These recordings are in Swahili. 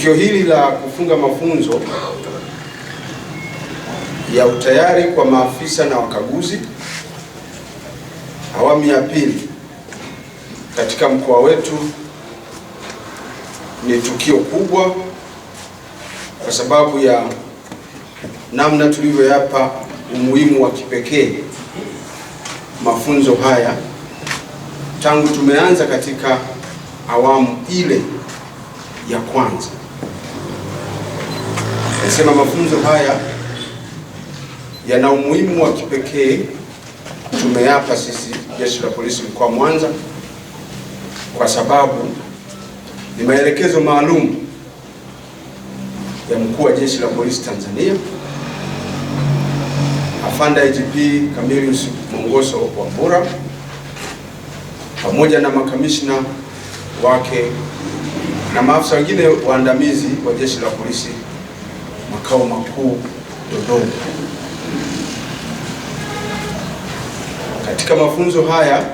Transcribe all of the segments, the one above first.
Tukio hili la kufunga mafunzo ya utayari kwa maafisa na wakaguzi awamu ya pili katika mkoa wetu ni tukio kubwa kwa sababu ya namna tulivyoyapa umuhimu wa kipekee mafunzo haya tangu tumeanza katika awamu ile ya kwanza. Nasema mafunzo haya yana umuhimu wa kipekee. Tumeyapa sisi jeshi la polisi mkoa Mwanza kwa sababu ni maelekezo maalum ya mkuu wa jeshi la polisi Tanzania afanda IGP Camillus Mongoso Wambura pamoja na makamishna wake na maafisa wengine waandamizi wa jeshi la polisi makao makuu Dodoma. Katika mafunzo haya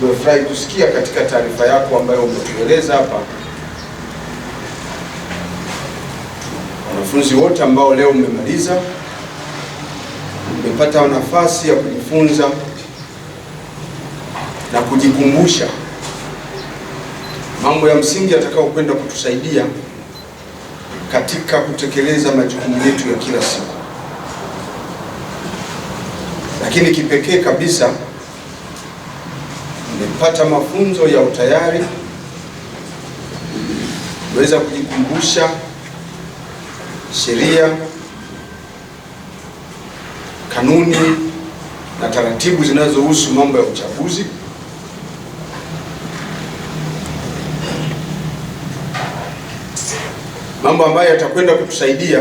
tumefurahi kusikia katika taarifa yako ambayo umetueleza hapa, wanafunzi wote ambao leo mmemaliza mmepata nafasi ya kujifunza na kujikumbusha mambo ya msingi yatakayokwenda kutusaidia katika kutekeleza majukumu yetu ya kila siku, lakini kipekee kabisa nimepata mafunzo ya utayari weza kujikumbusha sheria, kanuni na taratibu zinazohusu mambo ya uchaguzi. mambo ambayo yatakwenda kutusaidia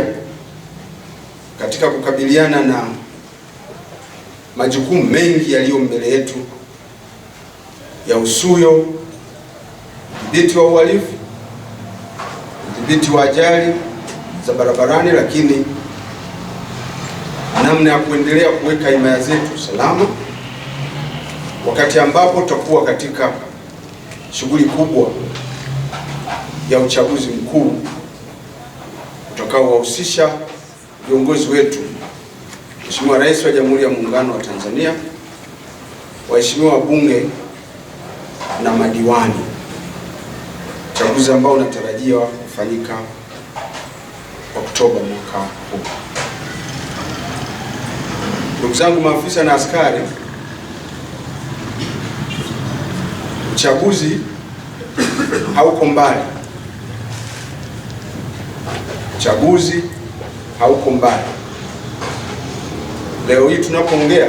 katika kukabiliana na majukumu mengi yaliyo mbele yetu ya usuyo, udhibiti wa uhalifu, udhibiti wa ajali za barabarani, lakini namna ya kuendelea kuweka himaya zetu salama wakati ambapo tutakuwa katika shughuli kubwa ya uchaguzi mkuu utakaowahusisha viongozi wetu, Mheshimiwa Rais wa Jamhuri ya Muungano wa Tanzania, waheshimiwa wabunge na madiwani, uchaguzi ambao unatarajiwa kufanyika Oktoba mwaka huu. Ndugu zangu maafisa na askari, uchaguzi hauko mbali. Uchaguzi hauko mbali. Leo hii tunapoongea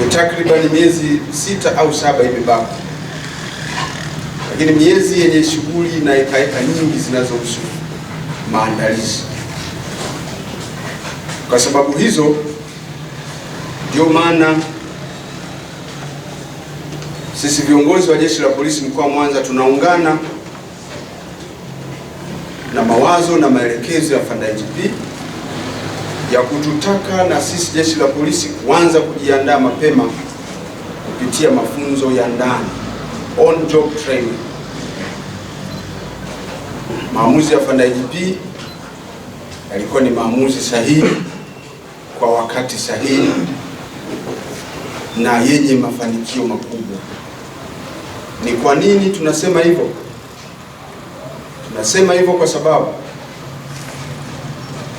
ni takribani miezi sita au saba imebaki, lakini miezi yenye shughuli na hekaheka nyingi zinazohusu maandalizi. Kwa sababu hizo, ndio maana sisi viongozi wa Jeshi la Polisi mkoa wa Mwanza tunaungana na mawazo na maelekezo ya Fanda IGP ya kututaka na sisi jeshi la polisi kuanza kujiandaa mapema kupitia mafunzo ya ndani on job training. Maamuzi ya Fanda IGP yalikuwa ni maamuzi sahihi kwa wakati sahihi na yenye mafanikio makubwa. Ni kwa nini tunasema hivyo? Nasema hivyo kwa sababu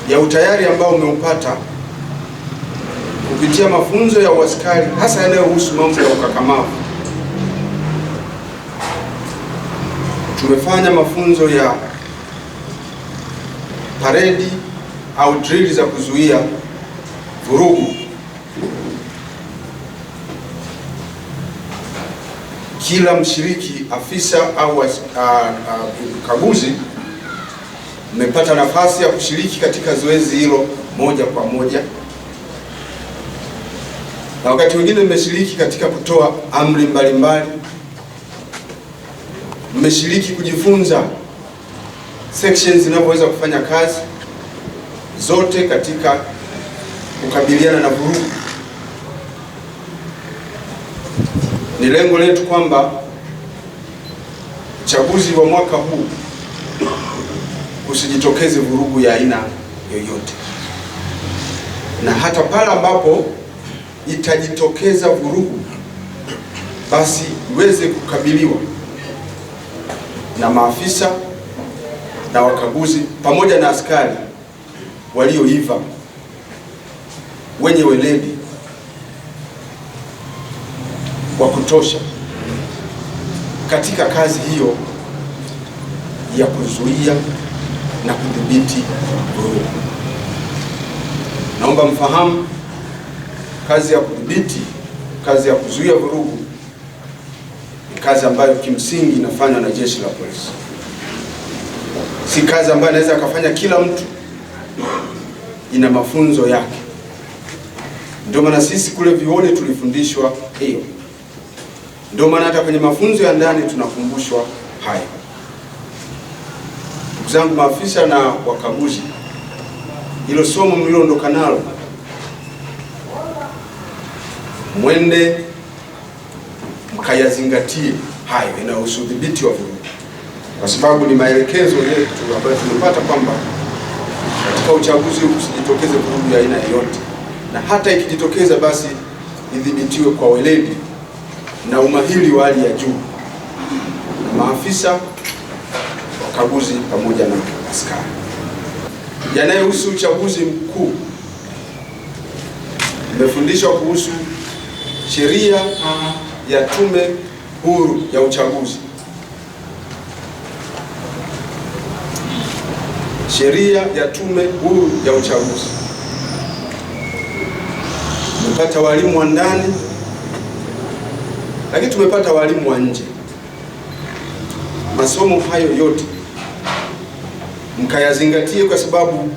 ya utayari ambao umeupata kupitia mafunzo ya uaskari hasa yanayohusu mambo ya ukakamavu. Tumefanya mafunzo ya paredi au drili za kuzuia vurugu kila mshiriki, afisa au mkaguzi, mmepata nafasi ya kushiriki katika zoezi hilo moja kwa moja, na wakati mwingine mmeshiriki katika kutoa amri mbalimbali, mmeshiriki kujifunza sections zinavyoweza kufanya kazi zote katika kukabiliana na vurugu. Ni lengo letu kwamba uchaguzi wa mwaka huu usijitokeze vurugu ya aina yoyote, na hata pale ambapo itajitokeza vurugu, basi iweze kukabiliwa na maafisa na wakaguzi pamoja na askari walioiva wenye weledi kutosha katika kazi hiyo ya kuzuia na kudhibiti vurugu. Naomba mfahamu kazi ya kudhibiti, kazi ya kuzuia vurugu ni kazi ambayo kimsingi inafanywa na jeshi la polisi, si kazi ambayo anaweza akafanya kila mtu, ina mafunzo yake. Ndio maana sisi kule vioni tulifundishwa hiyo ndio maana hata kwenye mafunzo ya ndani tunakumbushwa haya. Ndugu zangu maafisa na wakaguzi, hilo somo mliloondoka nalo, mwende mkayazingatie hayo yanayohusu udhibiti wa vurugu, kwa sababu ni maelekezo yetu ambayo tumepata kwamba katika uchaguzi usijitokeze vurugu ya aina yoyote, na hata ikijitokeza basi idhibitiwe kwa weledi na umahiri wa hali ya juu na maafisa wakaguzi pamoja na askari. Yanayohusu uchaguzi mkuu, nimefundishwa kuhusu sheria ya Tume Huru ya Uchaguzi, sheria ya Tume Huru ya Uchaguzi. Nimepata walimu wa ndani lakini tumepata walimu wa nje. Masomo hayo yote mkayazingatie, kwa sababu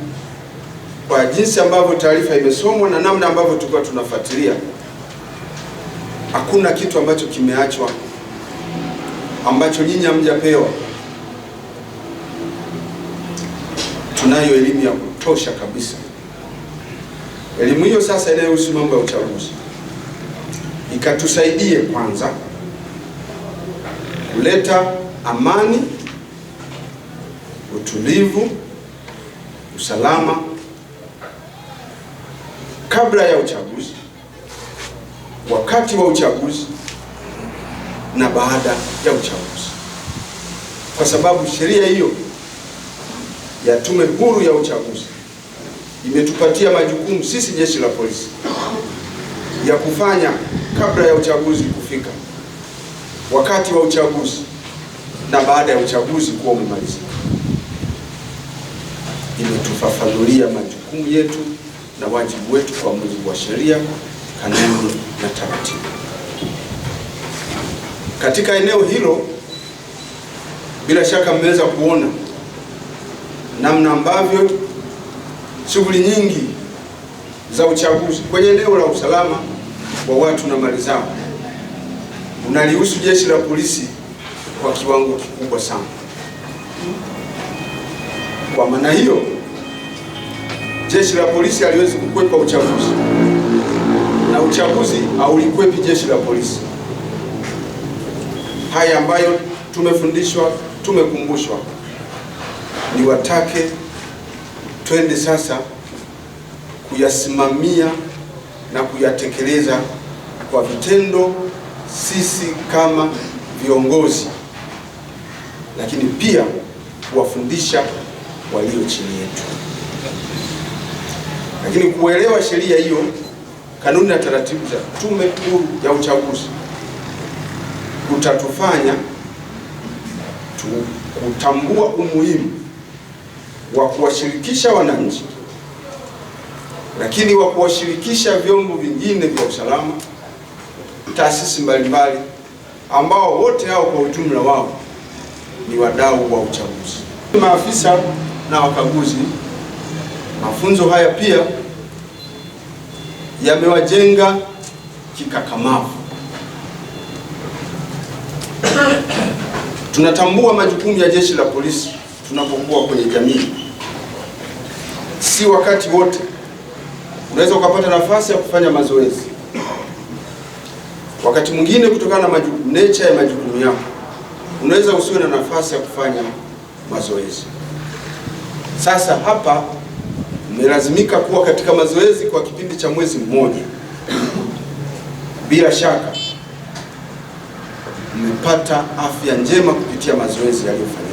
kwa jinsi ambavyo taarifa imesomwa na namna ambavyo tulikuwa tunafuatilia, hakuna kitu ambacho kimeachwa ambacho nyinyi hamjapewa. Tunayo elimu ya kutosha kabisa. Elimu hiyo sasa inayohusu mambo ya uchaguzi ikatusaidie kwanza kuleta amani, utulivu, usalama kabla ya uchaguzi, wakati wa uchaguzi na baada ya uchaguzi, kwa sababu sheria hiyo ya Tume Huru ya Uchaguzi imetupatia majukumu sisi jeshi la polisi ya kufanya kabla ya uchaguzi kufika, wakati wa uchaguzi na baada ya uchaguzi kuwa umemalizika. Imetufafanulia majukumu yetu na wajibu wetu kwa mujibu wa sheria, kanuni na taratibu. Katika eneo hilo, bila shaka mmeweza kuona namna ambavyo shughuli nyingi za uchaguzi kwenye eneo la usalama kwa watu na mali zao, unalihusu jeshi la polisi kwa kiwango kikubwa sana. Kwa maana hiyo, jeshi la polisi haliwezi kukwepa uchaguzi na uchaguzi haulikwepi jeshi la polisi. Haya ambayo tumefundishwa, tumekumbushwa, ni watake twende sasa kuyasimamia na kuyatekeleza kwa vitendo sisi kama viongozi, lakini pia kuwafundisha walio chini yetu. Lakini kuelewa sheria hiyo, kanuni na taratibu za Tume Huru ya Uchaguzi kutatufanya tu, kutambua umuhimu wa kuwashirikisha wananchi, lakini wa kuwashirikisha vyombo vingine vya usalama taasisi mbalimbali ambao wote hao kwa ujumla wao ni wadau wa uchaguzi, maafisa na wakaguzi. Mafunzo haya pia yamewajenga kikakamavu. Tunatambua majukumu ya jeshi la polisi tunapokuwa kwenye jamii. Si wakati wote unaweza ukapata nafasi ya kufanya mazoezi Wakati mwingine kutokana na nature ya majukumu yako unaweza usiwe na nafasi ya kufanya mazoezi. Sasa hapa mmelazimika kuwa katika mazoezi kwa kipindi cha mwezi mmoja. Bila shaka mmepata afya njema kupitia mazoezi yaliyofanyika.